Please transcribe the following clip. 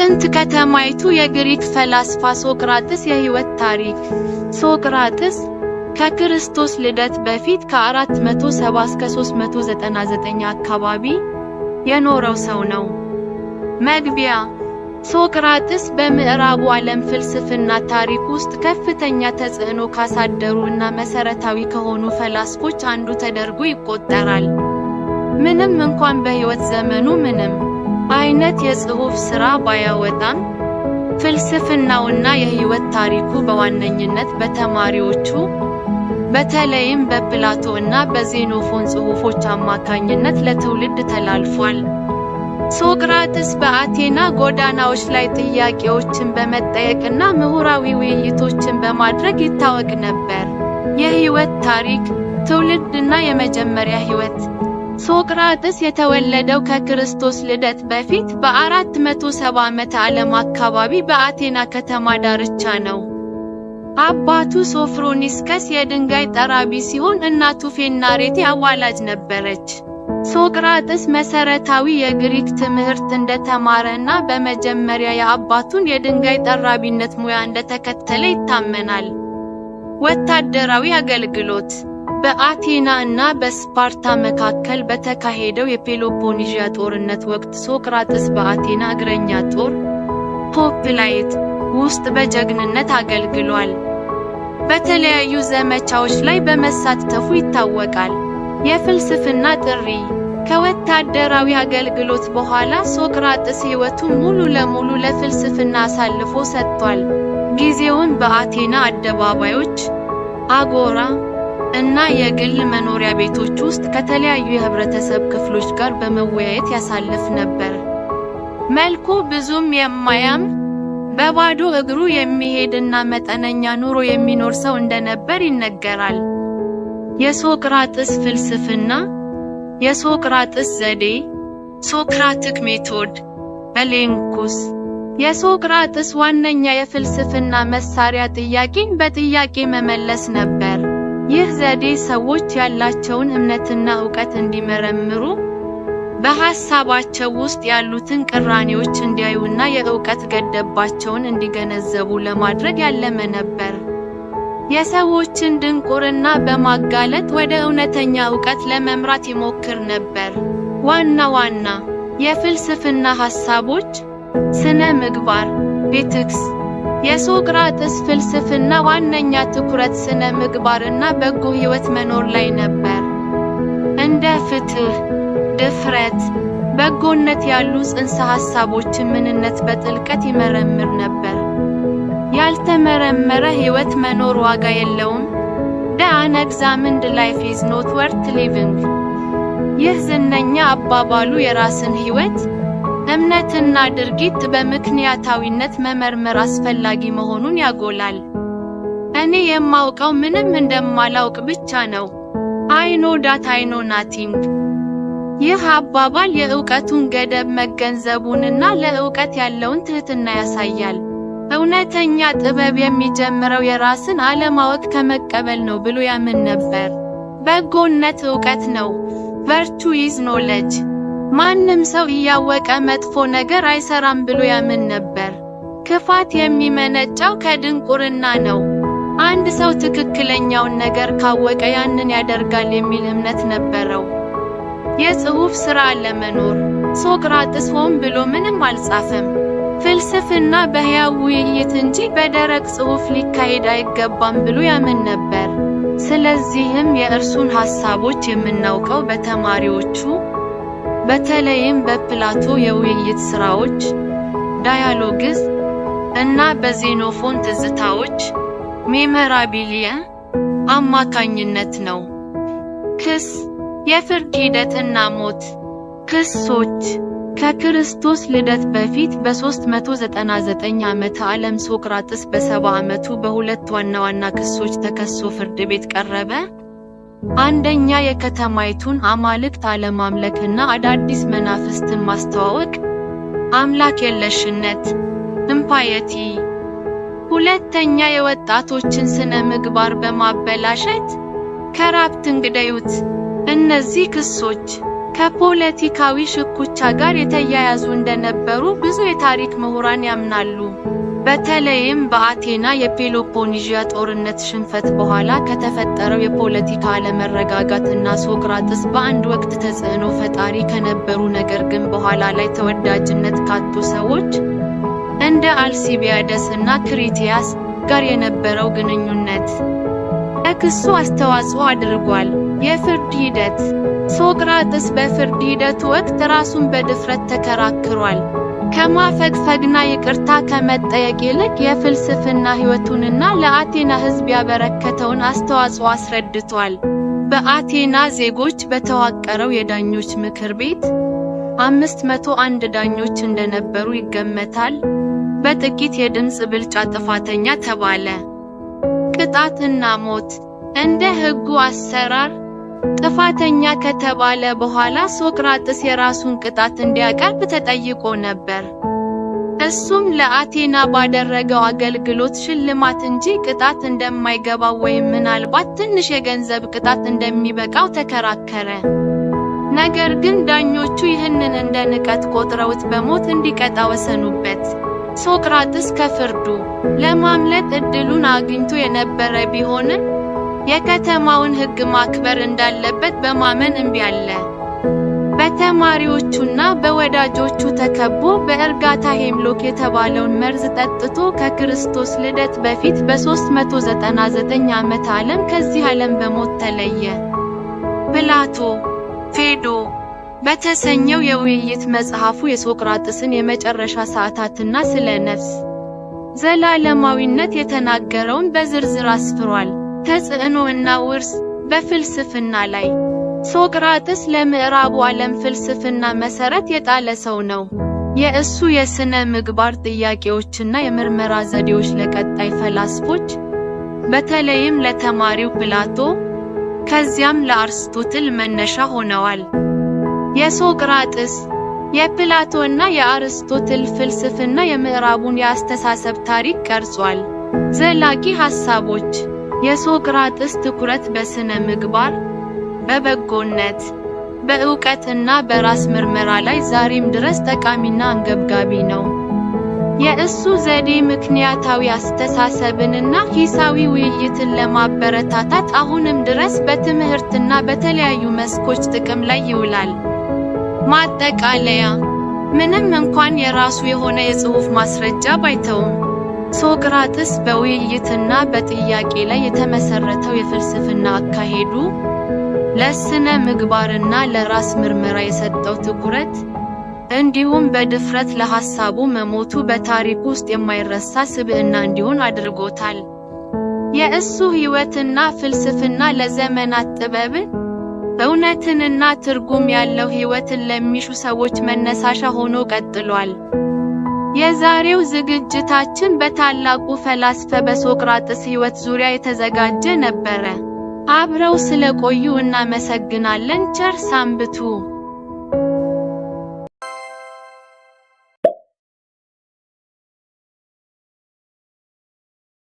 የጥንት ከተማይቱ የግሪክ ፈላስፋ ሶቅራጥስ የህይወት ታሪክ። ሶቅራጥስ ከክርስቶስ ልደት በፊት ከ470 እስከ 399 አካባቢ የኖረው ሰው ነው። መግቢያ ሶቅራጥስ በምዕራቡ ዓለም ፍልስፍና ታሪክ ውስጥ ከፍተኛ ተጽዕኖ ካሳደሩ እና መሰረታዊ ከሆኑ ፈላስፎች አንዱ ተደርጎ ይቆጠራል። ምንም እንኳን በህይወት ዘመኑ ምንም አይነት የጽሑፍ ሥራ ባያወጣም፣ ፍልስፍናውና የሕይወት ታሪኩ በዋነኝነት በተማሪዎቹ፣ በተለይም በፕላቶ እና በዜኖፎን ጽሑፎች አማካኝነት ለትውልድ ተላልፏል። ሶቅራጥስ በአቴና ጎዳናዎች ላይ ጥያቄዎችን በመጠየቅና ምሁራዊ ውይይቶችን በማድረግ ይታወቅ ነበር። የሕይወት ታሪክ፣ ትውልድና የመጀመሪያ ሕይወት ሶቅራጥስ የተወለደው ከክርስቶስ ልደት በፊት በ470 ዓመተ ዓለም አካባቢ በአቴና ከተማ ዳርቻ ነው። አባቱ ሶፍሮኒስከስ የድንጋይ ጠራቢ ሲሆን እናቱ ፌናሬቴ አዋላጅ ነበረች። ሶቅራጥስ መሰረታዊ የግሪክ ትምህርት እንደተማረና በመጀመሪያ የአባቱን የድንጋይ ጠራቢነት ሙያ እንደተከተለ ይታመናል። ወታደራዊ አገልግሎት በአቴና እና በስፓርታ መካከል በተካሄደው የፔሎፖኔዥያ ጦርነት ወቅት ሶቅራጥስ በአቴና እግረኛ ጦር ፖፕላይት ውስጥ በጀግንነት አገልግሏል። በተለያዩ ዘመቻዎች ላይ በመሳተፉ ይታወቃል። የፍልስፍና ጥሪ ከወታደራዊ አገልግሎት በኋላ ሶቅራጥስ ሕይወቱን ሙሉ ለሙሉ ለፍልስፍና አሳልፎ ሰጥቷል። ጊዜውን በአቴና አደባባዮች፣ አጎራ እና የግል መኖሪያ ቤቶች ውስጥ ከተለያዩ የህብረተሰብ ክፍሎች ጋር በመወያየት ያሳልፍ ነበር። መልኩ ብዙም የማያም በባዶ እግሩ የሚሄድና መጠነኛ ኑሮ የሚኖር ሰው እንደነበር ይነገራል። የሶቅራጥስ ፍልስፍና የሶቅራጥስ ዘዴ ሶክራቲክ ሜቶድ በሌንኩስ የሶቅራጥስ ዋነኛ የፍልስፍና መሳሪያ ጥያቄን በጥያቄ መመለስ ነበር። ይህ ዘዴ ሰዎች ያላቸውን እምነትና እውቀት እንዲመረምሩ፣ በሐሳባቸው ውስጥ ያሉትን ቅራኔዎች እንዲያዩና የእውቀት ገደባቸውን እንዲገነዘቡ ለማድረግ ያለመ ነበር። የሰዎችን ድንቁርና በማጋለጥ ወደ እውነተኛ እውቀት ለመምራት ይሞክር ነበር። ዋና ዋና የፍልስፍና ሐሳቦች፣ ስነ ምግባር፣ ኤቲክስ የሶቅራጥስ ፍልስፍና ዋነኛ ትኩረት ስነ ምግባርና በጎ ሕይወት መኖር ላይ ነበር። እንደ ፍትህ፣ ድፍረት፣ በጎነት ያሉ ጽንሰ ሐሳቦችን ምንነት በጥልቀት ይመረምር ነበር። ያልተመረመረ ሕይወት መኖር ዋጋ የለውም፣ ደ አንኤግዛምንድ ላይፍ ኢዝ ኖት ወርት ሊቪንግ። ይህ ዝነኛ አባባሉ የራስን ሕይወት እምነትና ድርጊት በምክንያታዊነት መመርመር አስፈላጊ መሆኑን ያጎላል። እኔ የማውቀው ምንም እንደማላውቅ ብቻ ነው። አይ ኖ ዳት አይ ኖ ናቲንግ። ይህ አባባል የእውቀቱን ገደብ መገንዘቡንና ለእውቀት ያለውን ትህትና ያሳያል። እውነተኛ ጥበብ የሚጀምረው የራስን አለማወቅ ከመቀበል ነው ብሎ ያምን ነበር። በጎነት እውቀት ነው። ቨርቹ ኢዝ ኖሌጅ ማንም ሰው እያወቀ መጥፎ ነገር አይሰራም ብሎ ያምን ነበር። ክፋት የሚመነጨው ከድንቁርና ነው። አንድ ሰው ትክክለኛውን ነገር ካወቀ ያንን ያደርጋል የሚል እምነት ነበረው። የጽሑፍ ሥራ አለመኖር። ሶቅራጥስ ሆን ብሎ ምንም አልጻፈም። ፍልስፍና በሕያው ውይይት እንጂ በደረቅ ጽሑፍ ሊካሄድ አይገባም ብሎ ያምን ነበር። ስለዚህም የእርሱን ሐሳቦች የምናውቀው በተማሪዎቹ በተለይም በፕላቶ የውይይት ስራዎች ዳያሎግስ እና በዜኖፎን ትዝታዎች ሜመራቢሊየ አማካኝነት ነው። ክስ፣ የፍርድ ሂደት እና ሞት። ክሶች ከክርስቶስ ልደት በፊት በ399 ዓመተ ዓለም ሶቅራጥስ በ70 ዓመቱ በሁለት ዋና ዋና ክሶች ተከሶ ፍርድ ቤት ቀረበ። አንደኛ የከተማይቱን አማልክት አለማምለክና አዳዲስ መናፍስትን ማስተዋወቅ፣ አምላክ የለሽነት እምፓየቲ። ሁለተኛ የወጣቶችን ስነ ምግባር በማበላሸት ከራፕት እንግደዩት። እነዚህ ክሶች ከፖለቲካዊ ሽኩቻ ጋር የተያያዙ እንደነበሩ ብዙ የታሪክ ምሁራን ያምናሉ። በተለይም በአቴና የፔሎፖኔዥያ ጦርነት ሽንፈት በኋላ ከተፈጠረው የፖለቲካ አለመረጋጋት እና ሶቅራጥስ በአንድ ወቅት ተጽዕኖ ፈጣሪ ከነበሩ ነገር ግን በኋላ ላይ ተወዳጅነት ካጡ ሰዎች እንደ አልሲቢያደስ እና ክሪቲያስ ጋር የነበረው ግንኙነት ለክሱ አስተዋጽኦ አድርጓል። የፍርድ ሂደት ሶቅራጥስ በፍርድ ሂደቱ ወቅት ራሱን በድፍረት ተከራክሯል። ከማፈግፈግና ይቅርታ ከመጠየቅ ይልቅ የፍልስፍና ሕይወቱንና ለአቴና ሕዝብ ያበረከተውን አስተዋጽኦ አስረድቷል። በአቴና ዜጎች በተዋቀረው የዳኞች ምክር ቤት መቶ አንድ ዳኞች እንደነበሩ ይገመታል። በጥቂት የድምፅ ብልጫ ጥፋተኛ ተባለ። ቅጣትና ሞት እንደ ሕጉ አሰራር ጥፋተኛ ከተባለ በኋላ ሶቅራጥስ የራሱን ቅጣት እንዲያቀርብ ተጠይቆ ነበር። እሱም ለአቴና ባደረገው አገልግሎት ሽልማት እንጂ ቅጣት እንደማይገባው ወይም ምናልባት ትንሽ የገንዘብ ቅጣት እንደሚበቃው ተከራከረ። ነገር ግን ዳኞቹ ይህንን እንደ ንቀት ቆጥረውት በሞት እንዲቀጣ ወሰኑበት። ሶቅራጥስ ከፍርዱ ለማምለጥ እድሉን አግኝቶ የነበረ ቢሆንም የከተማውን ሕግ ማክበር እንዳለበት በማመን እምቢ አለ። በተማሪዎቹና በወዳጆቹ ተከቦ በእርጋታ ሄምሎክ የተባለውን መርዝ ጠጥቶ ከክርስቶስ ልደት በፊት በ399 ዓመተ ዓለም ከዚህ ዓለም በሞት ተለየ። ፕላቶ ፌዶ በተሰኘው የውይይት መጽሐፉ የሶቅራጥስን የመጨረሻ ሰዓታትና ስለ ነፍስ ዘላለማዊነት የተናገረውን በዝርዝር አስፍሯል። ተጽዕኖ እና ውርስ በፍልስፍና ላይ ሶቅራጥስ ለምዕራቡ ዓለም ፍልስፍና መሰረት የጣለ ሰው ነው። የእሱ የሥነ ምግባር ጥያቄዎችና የምርመራ ዘዴዎች ለቀጣይ ፈላስፎች፣ በተለይም ለተማሪው ፕላቶ ከዚያም ለአርስቶትል መነሻ ሆነዋል። የሶቅራጥስ፣ የፕላቶና የአርስቶትል ፍልስፍና የምዕራቡን የአስተሳሰብ ታሪክ ቀርጿል። ዘላቂ ሐሳቦች የሶቅራጥስ ትኩረት በሥነ ምግባር፣ በበጎነት፣ በእውቀትና በራስ ምርመራ ላይ ዛሬም ድረስ ጠቃሚና አንገብጋቢ ነው። የእሱ ዘዴ ምክንያታዊ አስተሳሰብንና ሂሳዊ ውይይትን ለማበረታታት አሁንም ድረስ በትምህርትና በተለያዩ መስኮች ጥቅም ላይ ይውላል። ማጠቃለያ፣ ምንም እንኳን የራሱ የሆነ የጽሑፍ ማስረጃ ባይተውም ሶቅራጥስ በውይይትና በጥያቄ ላይ የተመሰረተው የፍልስፍና አካሄዱ፣ ለስነ ምግባርና ለራስ ምርመራ የሰጠው ትኩረት፣ እንዲሁም በድፍረት ለሐሳቡ መሞቱ በታሪክ ውስጥ የማይረሳ ስብዕና እንዲሆን አድርጎታል። የእሱ ሕይወትና ፍልስፍና ለዘመናት ጥበብን፣ እውነትንና ትርጉም ያለው ሕይወትን ለሚሹ ሰዎች መነሳሻ ሆኖ ቀጥሏል። የዛሬው ዝግጅታችን በታላቁ ፈላስፈ በሶቅራጥስ ሕይወት ዙሪያ የተዘጋጀ ነበረ። አብረው ስለቆዩ እናመሰግናለን። ቸር ሰንብቱ።